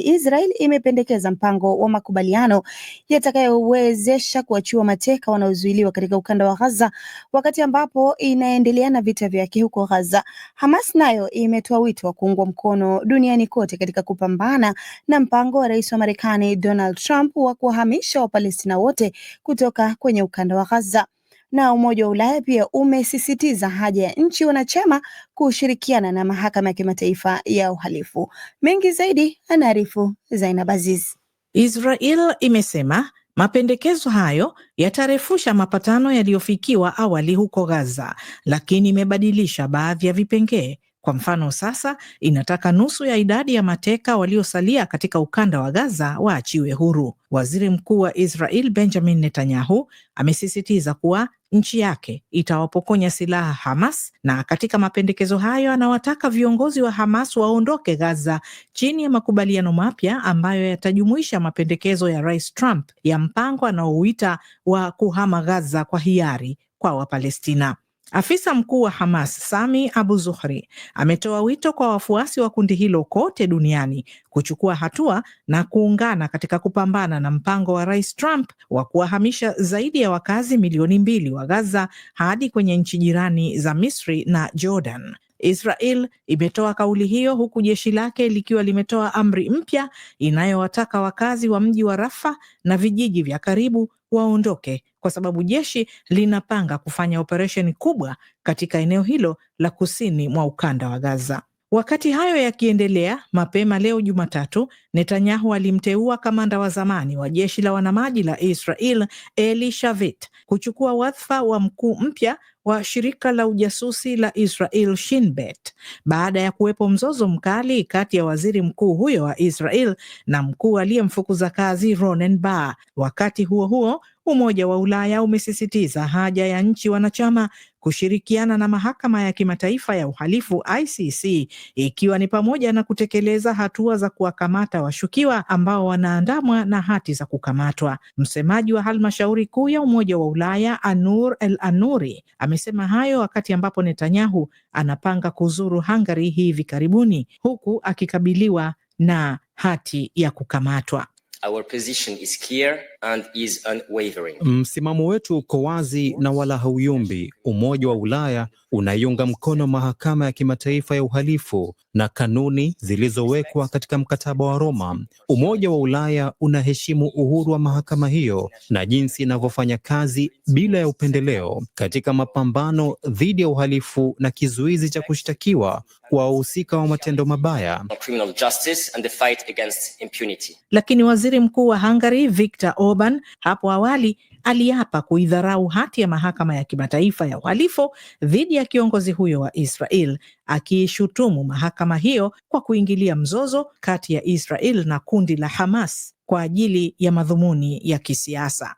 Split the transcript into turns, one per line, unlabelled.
Israel imependekeza mpango wa makubaliano yatakayowezesha kuachiwa mateka wanaozuiliwa katika ukanda wa Gaza wakati ambapo inaendelea na vita vyake huko Gaza. Hamas nayo imetoa wito wa kuungwa mkono duniani kote katika kupambana na mpango wa Rais wa Marekani Donald Trump wa kuwahamisha Wapalestina wote kutoka kwenye ukanda wa Gaza na Umoja wa Ulaya pia umesisitiza haja ya nchi wanachama kushirikiana na Mahakama ya Kimataifa ya Uhalifu. Mengi zaidi anaarifu Zainab Aziz.
Israel imesema mapendekezo hayo yatarefusha mapatano yaliyofikiwa awali huko Gaza, lakini imebadilisha baadhi ya vipengee kwa mfano, sasa inataka nusu ya idadi ya mateka waliosalia katika ukanda wa Gaza waachiwe huru. Waziri Mkuu wa Israel Benjamin Netanyahu amesisitiza kuwa nchi yake itawapokonya silaha Hamas, na katika mapendekezo hayo anawataka viongozi wa Hamas waondoke Gaza chini ya makubaliano mapya ambayo yatajumuisha mapendekezo ya Rais Trump ya mpango anaouita wa kuhama Gaza kwa hiari kwa Wapalestina. Afisa mkuu wa Hamas Sami Abu Zuhri ametoa wito kwa wafuasi wa kundi hilo kote duniani kuchukua hatua na kuungana katika kupambana na mpango wa Rais Trump wa kuwahamisha zaidi ya wakazi milioni mbili wa Gaza hadi kwenye nchi jirani za Misri na Jordan. Israel imetoa kauli hiyo huku jeshi lake likiwa limetoa amri mpya inayowataka wakazi wa mji wa Rafa na vijiji vya karibu waondoke kwa sababu jeshi linapanga kufanya operesheni kubwa katika eneo hilo la kusini mwa ukanda wa Gaza. Wakati hayo yakiendelea, mapema leo Jumatatu, Netanyahu alimteua kamanda wa zamani wa jeshi la wanamaji la Israel Eli Shavit kuchukua wadhifa wa mkuu mpya wa shirika la ujasusi la Israel Shin Bet baada ya kuwepo mzozo mkali kati ya waziri mkuu huyo wa Israel na mkuu aliyemfukuza kazi Ronen Bar. Wakati huo huo Umoja wa Ulaya umesisitiza haja ya nchi wanachama kushirikiana na mahakama ya kimataifa ya uhalifu ICC ikiwa ni pamoja na kutekeleza hatua za kuwakamata washukiwa ambao wanaandamwa na hati za kukamatwa. Msemaji wa halmashauri kuu ya Umoja wa Ulaya Anur El Anuri amesema hayo wakati ambapo Netanyahu anapanga kuzuru Hungary hivi karibuni huku akikabiliwa na hati ya kukamatwa.
Our position is clear and is unwavering.
Msimamo wetu uko wazi na wala hauyumbi. Umoja wa Ulaya unaiunga mkono mahakama ya kimataifa ya uhalifu na kanuni zilizowekwa katika mkataba wa Roma. Umoja wa Ulaya unaheshimu uhuru wa mahakama hiyo na jinsi inavyofanya kazi bila ya upendeleo katika mapambano dhidi ya uhalifu na kizuizi cha kushtakiwa kwa wahusika wa matendo mabaya.
Lakini waziri mkuu wa Hungary Viktor Orban hapo awali aliapa kuidharau hati ya mahakama ya kimataifa ya uhalifu dhidi ya kiongozi huyo wa Israel, akiishutumu mahakama hiyo kwa kuingilia mzozo kati ya Israel na kundi la Hamas kwa ajili ya madhumuni ya kisiasa.